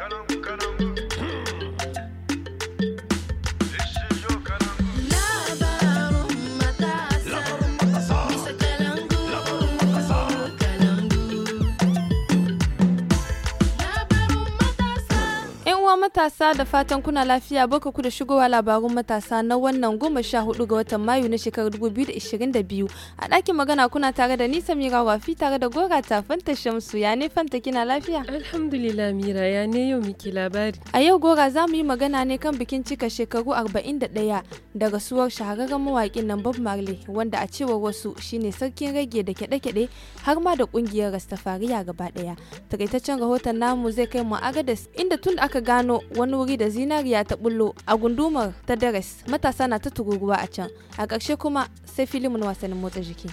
Tell them. matasa da fatan kuna lafiya baka ku da shigowa labarun matasa na wannan goma sha hudu ga watan Mayu na shekarar 2022. A ɗakin magana kuna tare da ni Samira Wafi tare da Gora ta Fanta Shamsu ya ne Fanta kina lafiya? Alhamdulillah Mira ya ne yau miki labari. A yau Gora za mu yi magana ne kan bikin cika shekaru arba'in 41 da rasuwar shahararren mawaƙin nan Bob Marley wanda a cewar wasu shine sarkin rage da kyaɗe-kyaɗe har ma da ƙungiyar Rastafariya gaba ɗaya. Takaitaccen rahoton namu zai kai mu agadas inda tun da aka gano gano wani wuri da zinariya ta bullo a gundumar ta dares matasa na ta tururuwa a can a ƙarshe kuma sai filimin wasannin motsa jiki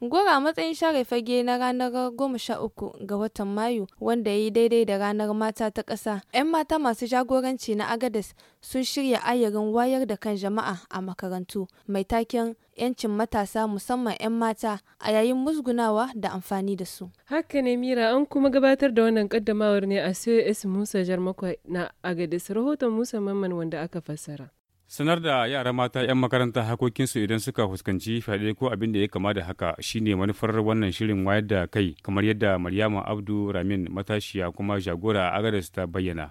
Gora matsayin share fage na ranar 13 ga watan Mayu wanda ya yi daidai da ranar mata ta ƙasa. 'Yan mata masu jagoranci na agadas sun shirya ayarin wayar da kan jama'a a makarantu mai taken 'yancin matasa musamman 'yan mata a yayin musgunawa da amfani da su. Haka ne Mira an kuma gabatar da wannan kaddamawar ne a COS Musa Jarmakwa na Agadis rahoton Musa Mamman wanda aka fassara. sanar da yara mata 'yan makaranta hakokinsu idan suka fuskanci fyaɗe ko abin da ya kama da haka shine manufar wannan shirin wayar da kai kamar yadda maryama abdu ramin matashiya kuma jagora agadas ta bayyana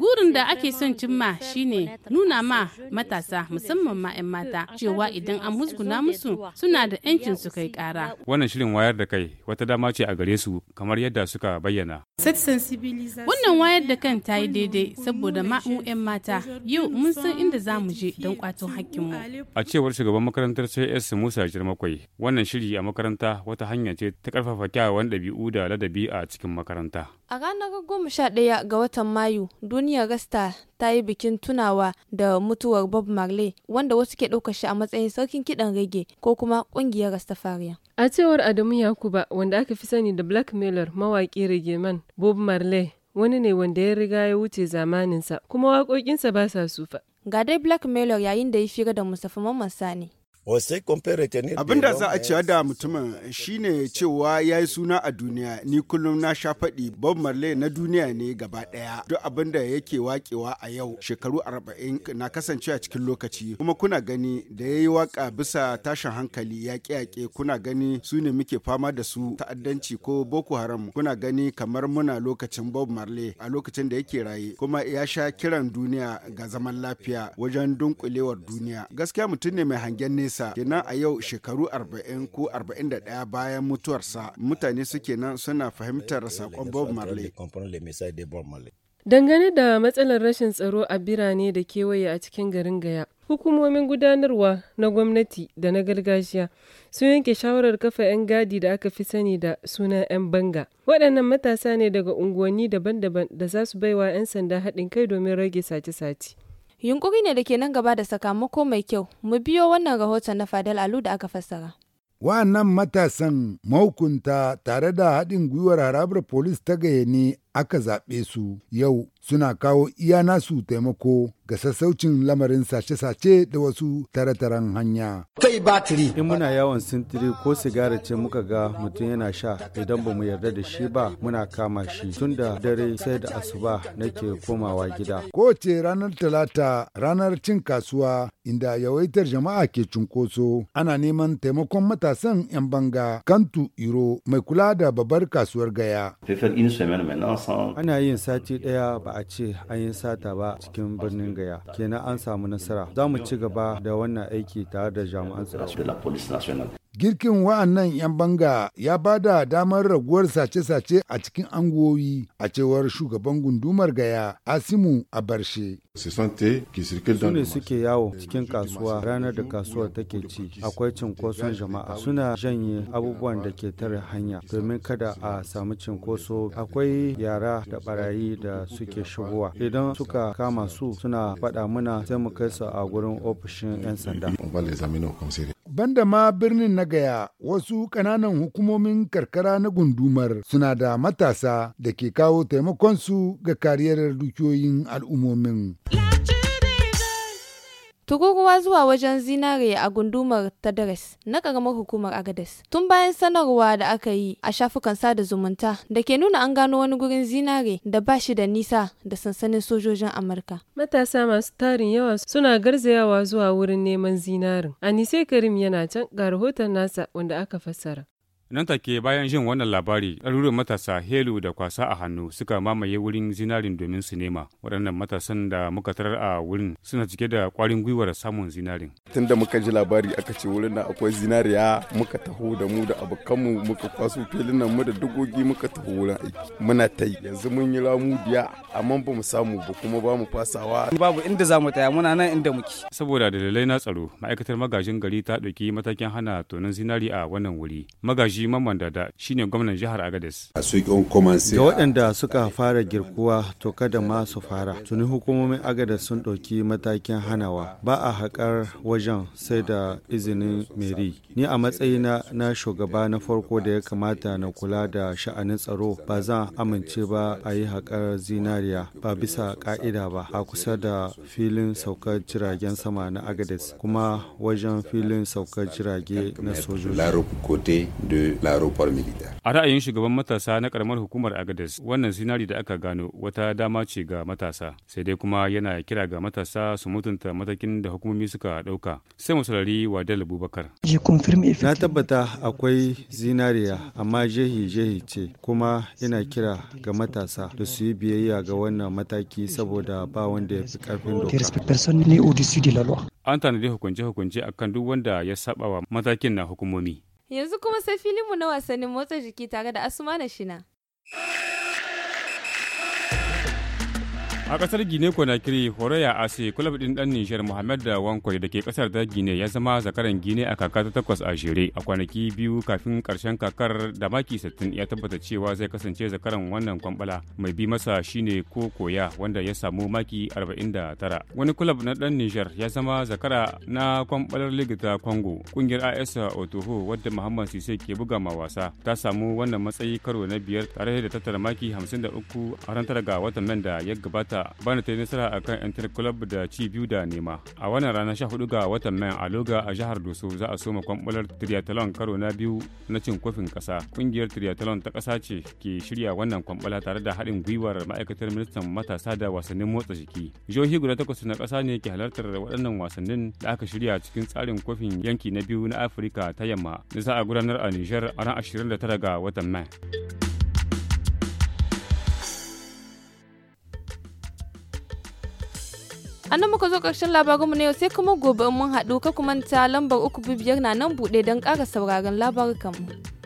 gurin da ake son cimma shine nuna ma matasa musamman ma 'yan mata cewa idan an musguna musu suna da 'yancin su kai kara wannan shirin wayar da kai wata dama ce a gare su kamar yadda suka bayyana Wannan wayar da kan ta yi daidai saboda ma 'yan mata yau mun san inda za mu je don kwato hakkinmu. A cewar shugaban makarantar CS Musa Jirmakwai, wannan shiri a makaranta wata hanya ce ta karfafa kyawawan ɗabi'u da ladabi a cikin makaranta. A ranar goma sha ɗaya ga watan Mayu, duniya Rasta ta yi bikin tunawa da mutuwar Bob Marley, wanda wasu ke ɗaukar shi a matsayin sarkin kiɗan rage ko kuma ƙungiyar rastafariya. A cewar Adamu Yakuba, wanda aka fi sani da Black Miller, mawaƙi rage man Bob Marley, wani ne wanda ya riga ya wuce zamaninsa, kuma waƙoƙinsa ba sa sufa. Ga dai Black Miller yayin da ya fira da Mustapha Mamman Sani. Abin da za a da mutumin shine cewa ya yi suna a duniya ni kullum na sha faɗi Bob Marley na duniya ne gaba ɗaya duk abin da yake wakewa a yau shekaru arba'in na kasance a cikin lokaci kuma kuna gani da ya yi waka bisa tashin hankali ya yaƙe kuna gani su ne muke fama da su ta'addanci ko Boko Haram kuna gani kamar muna lokacin Bob Marley a lokacin da yake raye kuma ya sha kiran duniya ga zaman lafiya wajen dunkulewar duniya gaskiya mutum ne mai hangen nesa sa kenan a yau shekaru 40 ko 41 bayan mutuwarsa mutane suke nan suna fahimtar saƙon Bob Marley. Dangane da matsalar rashin tsaro a birane da kewaye a cikin garin Gaya, hukumomin gudanarwa na gwamnati da na gargajiya sun yanke shawarar kafa 'yan gadi da aka fi sani da suna 'yan banga. Waɗannan matasa ne daga unguwanni daban-daban da za su baiwa 'yan sanda haɗin kai domin rage sace-sace. Yunkuri ne da ke nan gaba da sakamako mai kyau, mu biyo wannan rahoton na Fadal Alu da aka fassara. Wa'annan matasan mahukunta tare da haɗin gwiwar harabar polis ta gayyane aka zaɓe su yau suna kawo iya nasu taimako ga sassaucin lamarin sace-sace da wasu tare-taren hanya. Kai batiri! In muna yawon sintiri ko sigara ce muka ga mutum yana sha idan ba mu yarda da shi ba muna kama shi tun da dare sai da asuba na ke komawa gida. Kowace ranar talata ranar cin kasuwa inda yawaitar jama'a ke cunkoso ana neman taimakon matasan 'yan banga kantu iro mai kula da babbar kasuwar gaya. Ana yin sati ɗaya ba a ce an yi sata ba cikin birnin Gaya. Kenan an samu nasara. Za mu ci gaba da wannan aiki tare da jami'an tsaro. Girkin wa'annan 'yan banga ya ba da damar raguwar sace-sace a cikin anguwoyi a cewar shugaban gundumar gaya Asimu Abarshe. Su ne suke yawo cikin kasuwa ranar da kasuwar take ci akwai cinkoson jama'a suna janye abubuwan da ke tare hanya domin kada a samu cinkoso akwai yara da barayi da suke shigowa idan suka kama su suna faɗa mana sai mu kai su a gurin ofishin 'yan sanda. Banda ma birnin na gaya wasu ƙananan hukumomin karkara na gundumar suna da matasa da ke kawo taimakonsu ga kariyar dukiyoyin al'ummomin. tururuwa zuwa wajen zinare a gundumar tadares na karamar hukumar agades tun bayan sanarwa da aka yi a shafukan sada zumunta da ke nuna an gano wani gurin zinare da ba shi da nisa da sansanin sojojin amurka matasa masu tarin yawa suna garzayawa zuwa wurin neman zinarin anise karim yana can ga rahoton nasa wanda aka fassara Nan take bayan jin wannan labari, ɗaruruwan matasa helu da kwasa a hannu suka mamaye wurin zinarin domin su nema. Waɗannan matasan da muka tarar a wurin suna cike da ƙwarin gwiwar samun zinarin. Tun da muka ji labari aka ce wurin na akwai zinariya muka taho da mu da abokanmu muka kwaso filin nan mu da dugogi muka taho wurin aiki. Muna ta yi yanzu mun yi ramu biya amma ba mu samu ba kuma ba mu fasawa. Babu inda za mu taya muna nan inda muke. Saboda dalilai na tsaro ma'aikatar magajin gari ta ɗauki matakin hana tonon zinari a wannan wuri. Magaji Alhaji Mamman Dada shine gwamnan jihar Agadez. Ga waɗanda suka fara girkuwa to kada ma su fara. Tuni hukumomin Agadez sun ɗauki matakin hanawa. Ba a haƙar wajen sai da izinin meri. Ni a matsayina na shugaba na farko da ya kamata na kula da sha'anin tsaro ba zan amince ba a yi haƙar zinariya ba bisa ƙa'ida ba a kusa da filin saukar jiragen sama na Agadez kuma wajen filin saukar jirage na sojoji. larobar milita. A ra'ayin shugaban matasa na karamar hukumar Agadez, wannan sinari da aka gano wata dama ce ga matasa, sai dai kuma yana kira ga matasa su mutunta matakin da hukumomi suka ɗauka. Sai mu saurari Wadal Abubakar. Na tabbata akwai zinariya amma jehi jehi ce kuma yana kira ga matasa da su yi biyayya ga wannan mataki saboda ba wanda ya fi karfin doka. An tanadi hukunce-hukunce akan duk wanda ya saba matakin na hukumomi. Yanzu kuma sai filinmu na wasannin motsa jiki tare da Asuma na Shina. a kasar gine konakiri horaya ase kulab din dan nijar muhammad da wankwai da ke kasar ta gine ya zama zakaran gine a kaka ta takwas a jere a kwanaki biyu kafin karshen kakar da maki 60 ya tabbata cewa zai kasance zakaran wannan kwambala mai bi masa shine ko koya wanda ya samu maki 49 wani kulab na dan nijar ya zama zakara na kwambalar ligita congo kungiyar as otoho wadda muhammad sise ke buga ma wasa ta samu wannan matsayi karo na biyar tare da tattara maki 53 a ran tara ga watan nan da ya gabata bana ta yi nasara a kan yantar club da ci biyu da nema a wannan ranar 14 ga watan mayan a loga a jihar doso za a soma kwambular triathlon karo na biyu na cin kofin kasa ƙungiyar triathlon ta ƙasa ce ke shirya wannan kwambala tare da haɗin gwiwar ma'aikatar ministan matasa da wasannin motsa jiki jihohi guda takwas na ƙasa ne ke halartar waɗannan wasannin da aka shirya cikin tsarin kofin yanki na biyu na afirka ta yamma da za a gudanar a nijar a ran 29 ga watan mai a nan muka zo ƙarshen labarinmu na yau sai kuma gobe mun haɗu ka kuma ta lambar uku bibiyar na nan buɗe don ƙara sauraron labarukanmu.